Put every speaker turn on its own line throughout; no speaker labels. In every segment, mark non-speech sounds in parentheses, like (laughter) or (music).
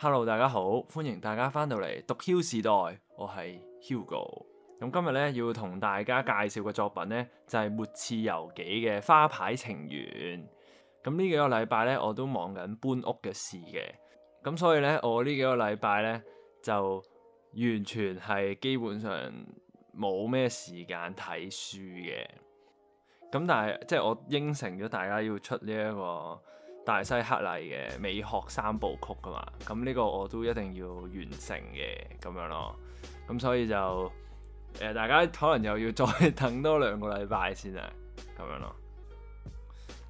Hello，大家好，歡迎大家翻到嚟《讀囂時代》，我係 Hugo。咁今日咧要同大家介紹嘅作品咧就係、是、末次由紀嘅《花牌情緣》。咁呢幾個禮拜咧我都忙緊搬屋嘅事嘅，咁所以咧我呢幾個禮拜咧就完全係基本上冇咩時間睇書嘅。咁但係即係我應承咗大家要出呢一個。大西克禮嘅美學三部曲噶嘛，咁呢個我都一定要完成嘅咁樣咯，咁所以就誒大家可能又要再等多兩個禮拜先啦，咁樣咯。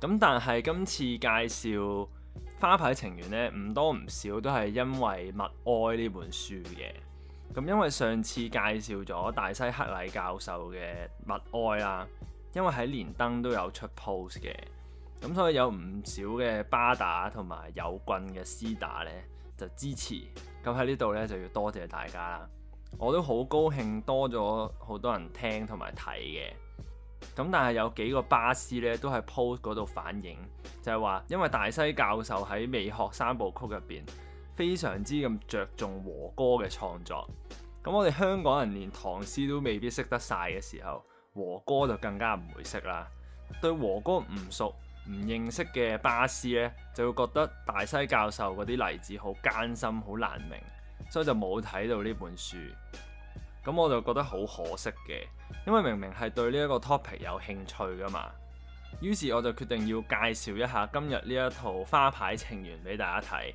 咁但係今次介紹花牌情緣呢，唔多唔少都係因為物哀呢本書嘅，咁因為上次介紹咗大西克禮教授嘅物哀啦，因為喺連登都有出 post 嘅。咁所以有唔少嘅巴打同埋友棍嘅絲打呢，就支持。咁喺呢度呢，就要多謝大家啦。我都好高興多咗好多人聽同埋睇嘅。咁但係有幾個巴士呢，都喺 post 嗰度反映，就係話因為大西教授喺美學三部曲入邊非常之咁着重和歌嘅創作。咁我哋香港人連唐詩都未必識得晒嘅時候，和歌就更加唔會識啦。對和歌唔熟。唔認識嘅巴士呢，就會覺得大西教授嗰啲例子好艱深，好難明，所以就冇睇到呢本書。咁我就覺得好可惜嘅，因為明明係對呢一個 topic 有興趣噶嘛。於是我就決定要介紹一下今日呢一套花牌情緣俾大家睇，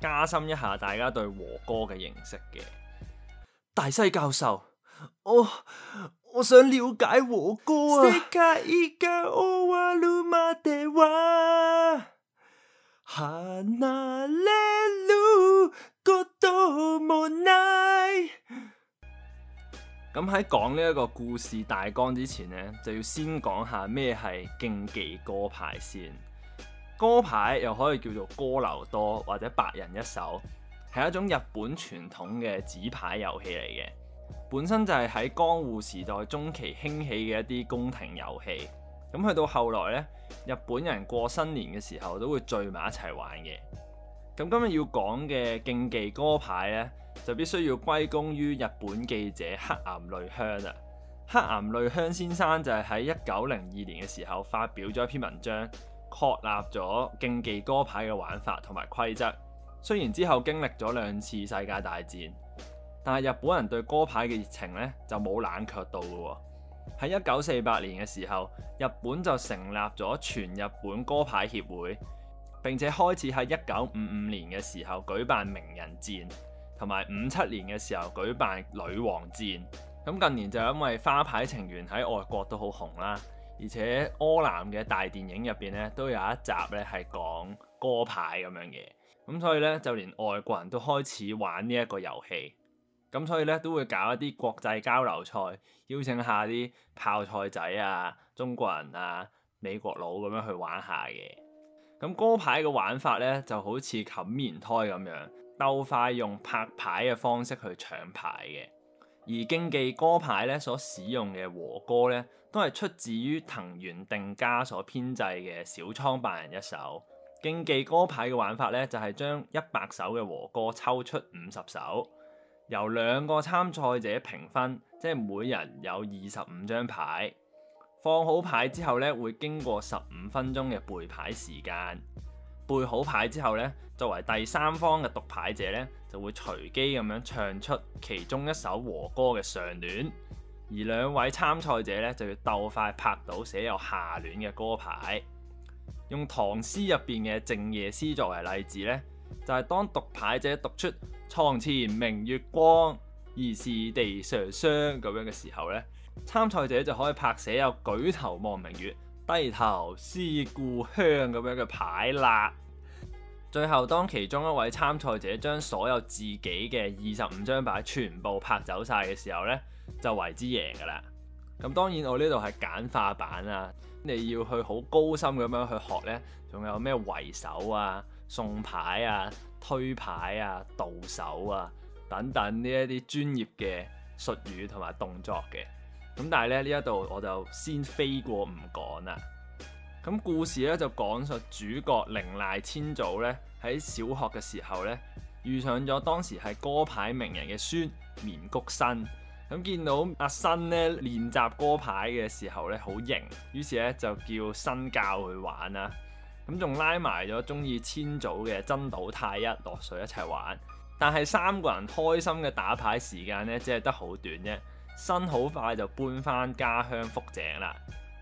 加深一下大家對和歌嘅認識嘅。大西教授，我。我想了解和歌啊。咁喺講呢一個故事大綱之前呢，就要先講下咩係競技歌牌先。歌牌又可以叫做歌流多或者百人一首，係一種日本傳統嘅紙牌遊戲嚟嘅。本身就係喺江戶時代中期興起嘅一啲宮廷遊戲，咁去到後來呢，日本人過新年嘅時候都會聚埋一齊玩嘅。咁今日要講嘅競技歌牌呢，就必須要歸功於日本記者黑岩淚香啦。黑岩淚香先生就係喺一九零二年嘅時候發表咗一篇文章，確立咗競技歌牌嘅玩法同埋規則。雖然之後經歷咗兩次世界大戰，但係日本人對歌牌嘅熱情呢，就冇冷卻到嘅喎。喺一九四八年嘅時候，日本就成立咗全日本歌牌協會，並且開始喺一九五五年嘅時候舉辦名人戰，同埋五七年嘅時候舉辦女王戰。咁近年就因為花牌情緣喺外國都好紅啦，而且柯南嘅大電影入邊呢，都有一集呢係講歌牌咁樣嘅，咁所以呢，就連外國人都開始玩呢一個遊戲。咁所以咧，都會搞一啲國際交流賽，邀請一下啲泡菜仔啊、中國人啊、美國佬咁樣去玩下嘅。咁歌牌嘅玩法咧，就好似冚棉胎咁樣，鬥快用拍牌嘅方式去搶牌嘅。而競技歌牌咧，所使用嘅和歌咧，都係出自於藤原定家所編製嘅小倉百人一首。競技歌牌嘅玩法咧，就係將一百首嘅和歌抽出五十首。由兩個參賽者評分，即係每人有二十五張牌。放好牌之後咧，會經過十五分鐘嘅背牌時間。背好牌之後咧，作為第三方嘅讀牌者咧，就會隨機咁樣唱出其中一首和歌嘅上聯，而兩位參賽者咧就要鬥快拍到寫有下聯嘅歌牌。用唐詩入邊嘅靜夜詩作為例子咧。就係當讀牌者讀出“床前明月光，疑是地上霜”咁樣嘅時候呢，參賽者就可以拍寫有“舉頭望明月，低頭思故鄉”咁樣嘅牌啦。最後，當其中一位參賽者將所有自己嘅二十五張牌全部拍走晒嘅時候呢，就為之贏噶啦。咁當然，我呢度係簡化版啦，你要去好高深咁樣去學呢，仲有咩為首啊？送牌啊、推牌啊、倒手啊等等呢一啲專業嘅術語同埋動作嘅，咁但係咧呢一度我就先飛過唔講啦。咁故事咧就講述主角綾瀨千早咧喺小學嘅時候咧遇上咗當時係歌牌名人嘅孫綿谷新，咁見到阿新咧練習歌牌嘅時候咧好型，於是咧就叫新教佢玩啦。咁仲拉埋咗中意千早嘅真島太一落水一齊玩，但係三個人開心嘅打牌時間呢，只係得好短啫。新好快就搬返家鄉福井啦。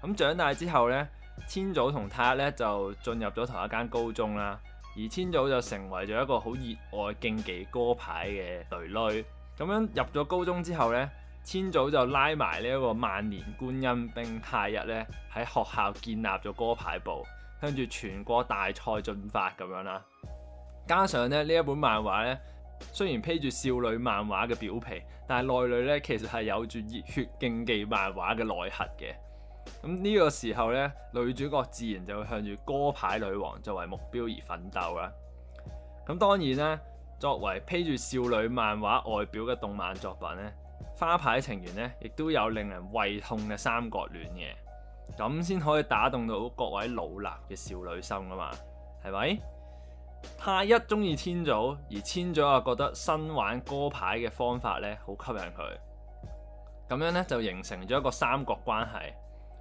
咁長大之後呢，千早同太一呢就進入咗同一間高中啦。而千早就成為咗一個好熱愛競技歌牌嘅囡囡。咁樣入咗高中之後呢，千早就拉埋呢一個萬年觀音兵太一呢喺學校建立咗歌牌部。向住全國大賽進發咁樣啦，加上咧呢一本漫畫咧，雖然披住少女漫畫嘅表皮，但係內裏咧其實係有住熱血競技漫畫嘅內核嘅。咁呢個時候咧，女主角自然就會向住歌牌女王作為目標而奮鬥啦。咁當然咧，作為披住少女漫畫外表嘅動漫作品咧，《花牌情緣》咧亦都有令人胃痛嘅三角戀嘅。咁先可以打動到各位老衲嘅少女心啊嘛，係咪？太一鍾意千早，而千早又覺得新玩歌牌嘅方法咧好吸引佢，咁樣咧就形成咗一個三角關係。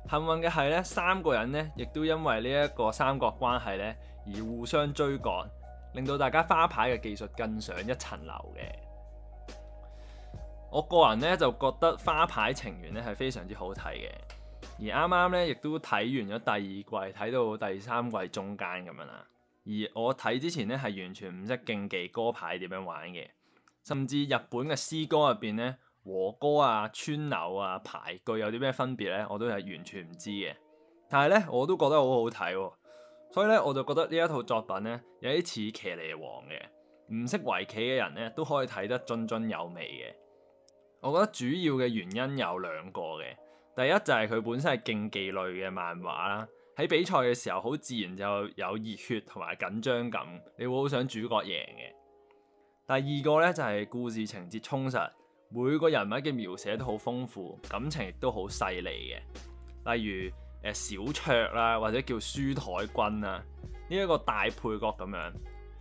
幸運嘅係咧，三個人呢亦都因為呢一個三角關係咧而互相追趕，令到大家花牌嘅技術更上一層樓嘅。我個人咧就覺得花牌情緣咧係非常之好睇嘅。而啱啱咧，亦都睇完咗第二季，睇到第三季中間咁樣啦。而我睇之前咧，係完全唔識競技歌牌點樣玩嘅，甚至日本嘅詩歌入邊咧和歌啊、川柳啊、俳句有啲咩分別咧，我都係完全唔知嘅。但係咧，我都覺得好好睇啊，所以咧，我就覺得呢一套作品咧有啲似《棋靈王》嘅，唔識圍棋嘅人咧都可以睇得津津有味嘅。我覺得主要嘅原因有兩個嘅。第一就係佢本身係競技類嘅漫畫啦，喺比賽嘅時候好自然就有熱血同埋緊張感，你會好想主角贏嘅。第二個呢，就係故事情節充實，每個人物嘅描寫都好豐富，感情亦都好細膩嘅。例如小卓啦，或者叫書枱君啊，呢一個大配角咁樣，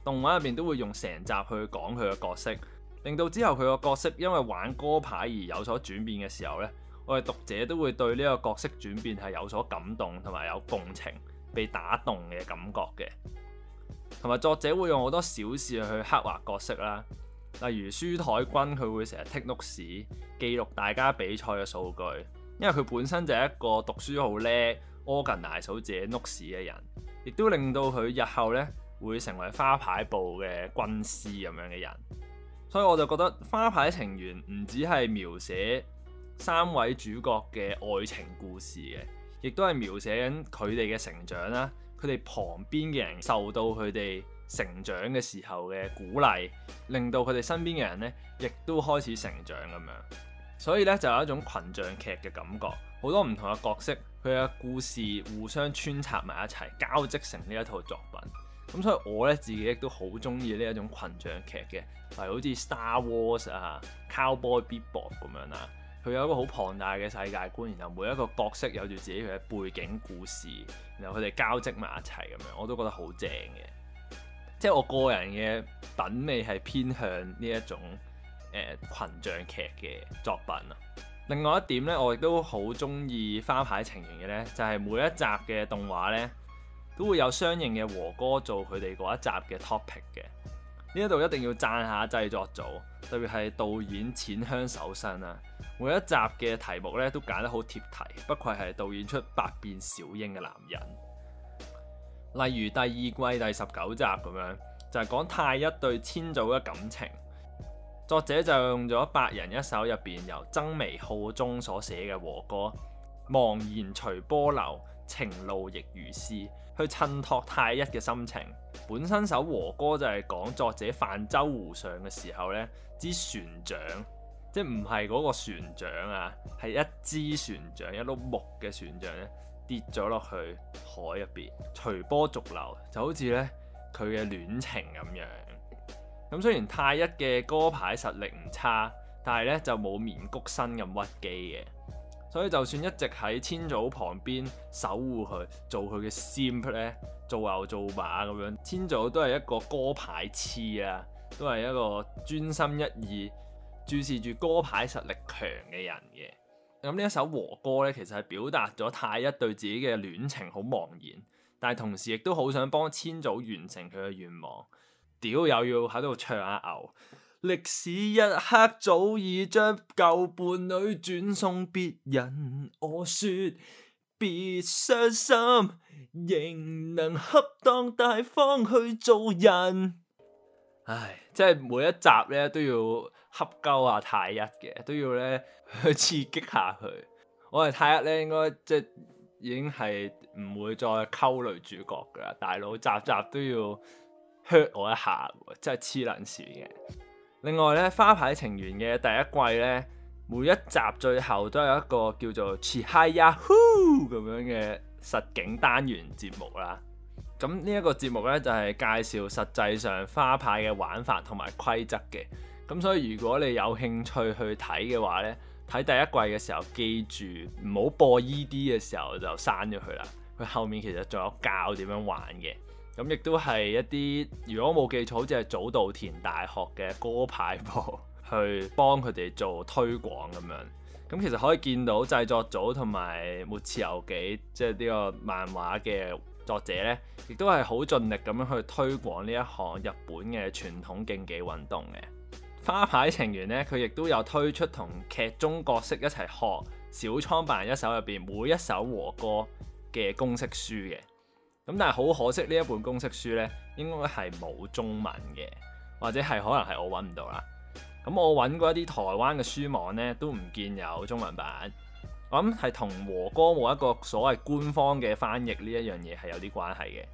動畫入邊都會用成集去講佢嘅角色，令到之後佢個角色因為玩歌牌而有所轉變嘅時候呢。我哋讀者都會對呢個角色轉變係有所感動同埋有共情、被打動嘅感覺嘅，同埋作者會用好多小事去刻畫角色啦，例如書台君佢會成日 take notes、記錄大家比賽嘅數據，因為佢本身就係一個讀書好叻、organize 好自己 notes 嘅人，亦都令到佢日後咧會成為花牌部嘅軍師咁樣嘅人，所以我就覺得《花牌情緣》唔止係描寫三位主角嘅愛情故事嘅，亦都係描寫緊佢哋嘅成長啦。佢哋旁邊嘅人受到佢哋成長嘅時候嘅鼓勵，令到佢哋身邊嘅人呢，亦都開始成長咁樣。所以呢，就有一種群像劇嘅感覺，好多唔同嘅角色，佢嘅故事互相穿插埋一齊，交織成呢一套作品。咁所以我呢，自己亦都好中意呢一種群像劇嘅，例如好似 Star Wars 啊、Cowboy Bebop 咁、啊、樣啦。佢有一個好龐大嘅世界觀，然後每一個角色有住自己嘅背景故事，然後佢哋交織埋一齊咁樣，我都覺得好正嘅。即係我個人嘅品味係偏向呢一種誒群像劇嘅作品啊。另外一點呢，我亦都好中意花牌情緣嘅呢，就係每一集嘅動畫呢，都會有相應嘅和歌做佢哋嗰一集嘅 topic 嘅。呢一度一定要讚下製作組。特別係導演淺香守生啦，每一集嘅題目咧都揀得好貼題，不愧係導演出百變小櫻嘅男人。例如第二季第十九集咁樣，就係、是、講太一對千早嘅感情。作者就用咗《百人一首》入面入邊由曾眉浩中所寫嘅和歌，茫然隨波流，情路亦如斯，去襯托太一嘅心情。本身首和歌就係講作者泛舟湖上嘅時候呢，支船掌，即係唔係嗰個船掌啊，係一支船掌，一碌木嘅船掌咧跌咗落去海入邊，隨波逐流，就好似呢佢嘅戀情咁樣。咁雖然太一嘅歌牌實力唔差，但係呢就冇綿谷新咁屈機嘅。所以就算一直喺千早旁邊守護佢，做佢嘅 simp 咧，做牛做馬咁樣，千早都係一個歌牌痴啊，都係一個專心一意注視住歌牌實力強嘅人嘅。咁呢一首和歌咧，其實係表達咗太一對自己嘅戀情好茫然，但係同時亦都好想幫千早完成佢嘅願望，屌又要喺度唱下牛。歷史一刻早已將舊伴侶轉送別人，我說別傷心，仍能恰當大方去做人。唉，即係每一集咧都要恰鳩下太一嘅，都要咧去刺激下佢。我哋太一咧應該即係已經係唔會再溝女主角噶啦，大佬集集都要 hurt 我一下，真係黐撚事嘅。另外咧，花牌情緣嘅第一季咧，每一集最後都有一個叫做“切嗨呀呼”咁樣嘅實景單元節目啦。咁呢一個節目咧就係介紹實際上花牌嘅玩法同埋規則嘅。咁所以如果你有興趣去睇嘅話咧，睇第一季嘅時候記住唔好播呢啲嘅時候就刪咗佢啦。佢後面其實仲有教點樣玩嘅，咁亦都係一啲如果我冇記錯，好似係早稻田大學嘅歌牌部去幫佢哋做推廣咁樣。咁其實可以見到製作組同埋末次由紀即係呢個漫畫嘅作者呢，亦都係好盡力咁樣去推廣呢一項日本嘅傳統競技運動嘅花牌情緣呢，佢亦都有推出同劇中角色一齊學小倉百人一首入邊每一首和歌嘅公式書嘅咁，但係好可惜呢一本公式書呢，應該係冇中文嘅，或者係可能係我揾唔到啦。咁我揾過一啲台灣嘅書網呢，都唔見有中文版。我諗係同和歌冇一個所謂官方嘅翻譯呢一樣嘢係有啲關係嘅。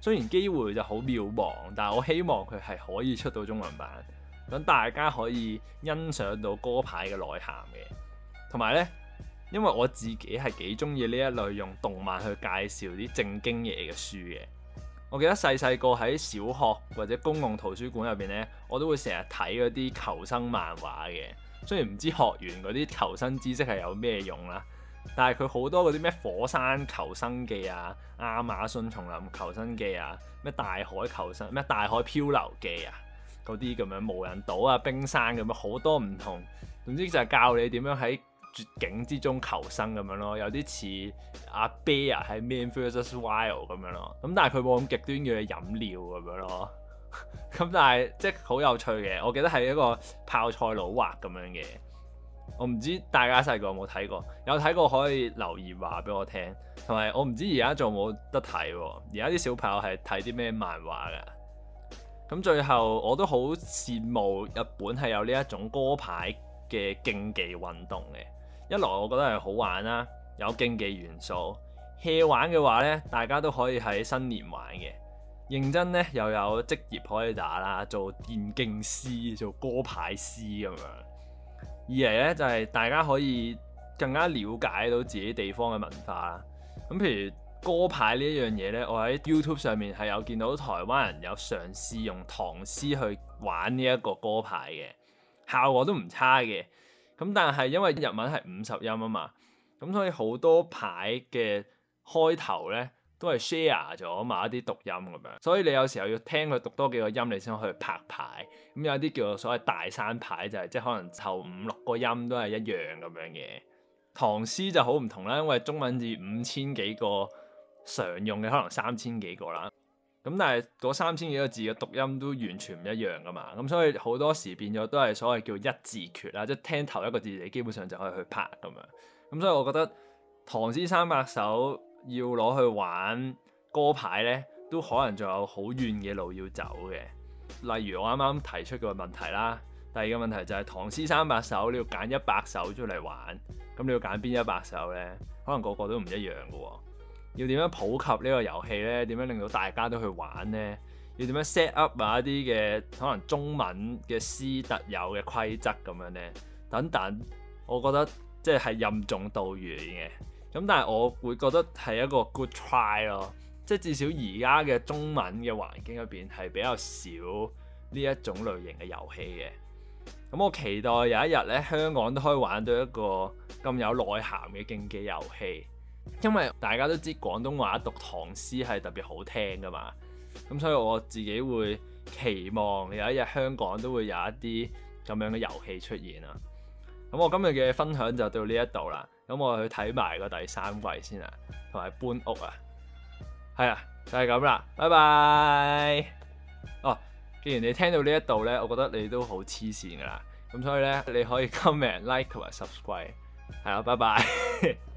雖然機會就好渺茫，但我希望佢係可以出到中文版，咁大家可以欣賞到歌牌嘅內涵嘅，同埋呢。因為我自己係幾鍾意呢一類用動漫去介紹啲正經嘢嘅書嘅。我記得細細個喺小學或者公共圖書館入邊呢，我都會成日睇嗰啲求生漫畫嘅。雖然唔知學完嗰啲求生知識係有咩用啦，但係佢好多嗰啲咩火山求生記啊、亞馬遜叢林求生記啊、咩大海求生、咩大海漂流記啊，嗰啲咁樣無人島啊、冰山咁樣好多唔同，總之就係教你點樣喺絕境之中求生咁樣咯，有啲似阿 Bear 喺 Man vs Wild 咁樣咯。咁但係佢冇咁極端嘅飲料咁樣咯。咁但係即係好有趣嘅。我記得係一個泡菜佬畫咁樣嘅。我唔知大家細個有冇睇過，有睇過可以留言話俾我聽。同埋我唔知而家仲有冇得睇。而家啲小朋友係睇啲咩漫畫噶？咁最後我都好羨慕日本係有呢一種歌牌嘅競技運動嘅。一來我覺得係好玩啦，有競技元素，hea 玩嘅話呢，大家都可以喺新年玩嘅；認真呢，又有職業可以打啦，做電競師、做歌牌師咁樣。二嚟呢，就係、是、大家可以更加了解到自己地方嘅文化啦。咁譬如歌牌呢一樣嘢呢，我喺 YouTube 上面係有見到台灣人有嘗試用唐詩去玩呢一個歌牌嘅，效果都唔差嘅。咁但係因為日文係五十音啊嘛，咁所以好多牌嘅開頭咧都係 share 咗埋一啲讀音咁樣，所以你有時候要聽佢讀多幾個音，你先可以拍牌。咁有啲叫做所謂大山牌，就係即係可能湊五六個音都係一樣咁樣嘅。唐詩就好唔同啦，因為中文字五千幾個，常用嘅可能三千幾個啦。咁但係嗰三千幾個字嘅讀音都完全唔一樣噶嘛，咁所以好多時變咗都係所謂叫一字決啦，即係聽頭一個字你基本上就可以去拍咁樣。咁所以我覺得唐詩三百首要攞去玩歌牌呢，都可能仲有好遠嘅路要走嘅。例如我啱啱提出個問題啦，第二個問題就係唐詩三百首你要揀一百首出嚟玩，咁你要揀邊一百首呢？可能個個都唔一樣噶喎。要點樣普及呢個遊戲呢？點樣令到大家都去玩呢？要點樣 set up 啊一啲嘅可能中文嘅私特有嘅規則咁樣呢？等等，我覺得即係任重道遠嘅。咁但係我會覺得係一個 good try 咯，即至少而家嘅中文嘅環境入邊係比較少呢一種類型嘅遊戲嘅。咁我期待有一日呢，香港都可以玩到一個咁有內涵嘅競技遊戲。因為大家都知廣東話讀唐詩係特別好聽噶嘛，咁所以我自己會期望有一日香港都會有一啲咁樣嘅遊戲出現啊。咁我今日嘅分享就到呢一度啦，咁我去睇埋個第三季先啦，同埋搬屋啊，係啊，就係咁啦，拜拜。哦，既然你聽到呢一度呢，我覺得你都好黐線噶啦，咁所以呢，你可以 comment、like、like 同埋 subscribe，係啦，拜拜。 (laughs)